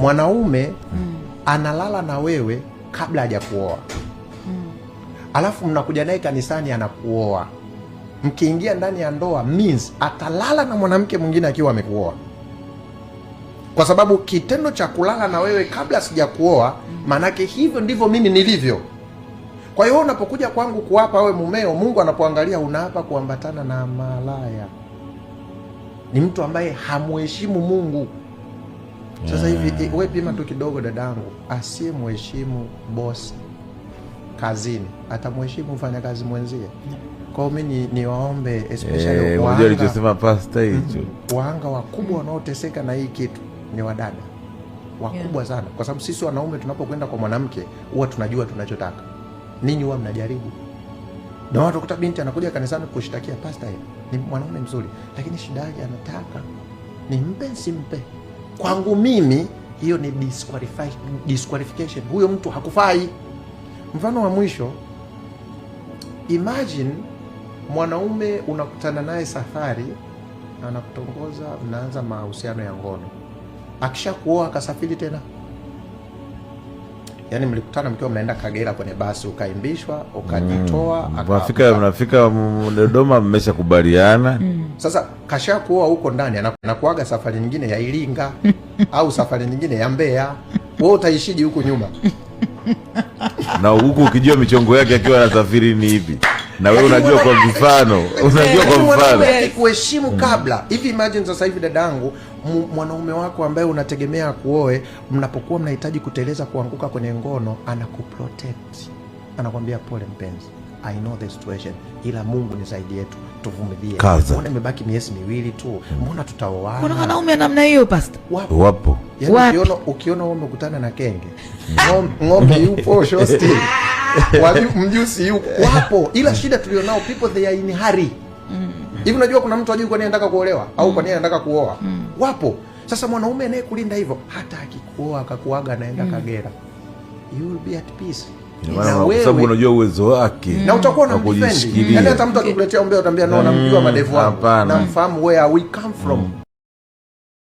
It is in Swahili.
mwanaume mm. analala na wewe kabla hajakuoa mm. alafu mnakuja naye kanisani anakuoa mkiingia ndani ya ndoa means atalala na mwanamke mwingine akiwa amekuoa kwa sababu kitendo cha kulala na wewe kabla sijakuoa mm. maanake hivyo ndivyo mimi nilivyo kwa hiyo unapokuja kwangu kuapa wewe mumeo mungu anapoangalia unaapa kuambatana na malaya ni mtu ambaye hamuheshimu mungu sasa hivi eh, we pima tu kidogo, dadangu mheshimu bosi kazini atamheshimu kazi mwenzie. Kwao mi niwaombe especially eh, wahanga alichosema pasta hicho, mm-hmm. wanga wakubwa wanaoteseka na hii kitu ni wadada wakubwa sana, kwa sababu sisi wanaume tunapokwenda kwa mwanamke huwa tunajua tunachotaka. Ninyi huwa mnajaribu na watu kuta binti anakuja kanisani kushtakia pasta, ni mwanaume mzuri, lakini shida yake anataka ni mpe simpe kwangu mimi hiyo ni disqualify, disqualification. Huyo mtu hakufai. Mfano wa mwisho, imagine mwanaume unakutana naye safari, anakutongoza, mnaanza mahusiano ya ngono, akisha kuoa akasafiri tena Yaani mlikutana mkiwa mnaenda Kagera kwenye basi, ukaimbishwa, ukajitoa, mnafika mm. Dodoma mmeshakubaliana. Mm. Sasa kuoa huko ndani, anakuaga safari nyingine ya Iringa au safari nyingine ya Mbeya, wewe utaishiji huku nyuma? na huku ukijua michongo yake akiwa anasafiri ni hivi na wewe unajua kwa mfano, eh, unajua kwa mfano kuheshimu mm. kabla hivi. Imagine sasa hivi dadangu, mwanaume wako ambaye unategemea akuoe, mnapokuwa mnahitaji kuteleza kuanguka kwenye ngono, anakuprotect anakwambia pole mpenzi I know the situation, ila Mungu ni zaidi yetu, tuvumilie. Mbona imebaki miezi miwili tu, hmm. mbona tutaoana? Kuna wanaume namna hiyo pasta, wapo. wapo. Yani, Ukiona ukiona umekutana na kenge, ng'ombe yupo shosti, mjusi yupo, wapo. Ila shida tulionao, people they are in hurry hmm. hivi. Unajua kuna mtu ajui kwa nini anataka kuolewa au hmm. kwa nini anataka kuoa? Wapo. Sasa mwanaume anayekulinda hivyo, hata akikuoa akakuaga anaenda Kagera, you will be at peace sababu unajua uwezo wake mm. na utakuwa na kujishikilia. Yaani hata mtu akikuletea umbea utaambia no, mm. namjua madevu wangu, namfahamu where we come from. Mm.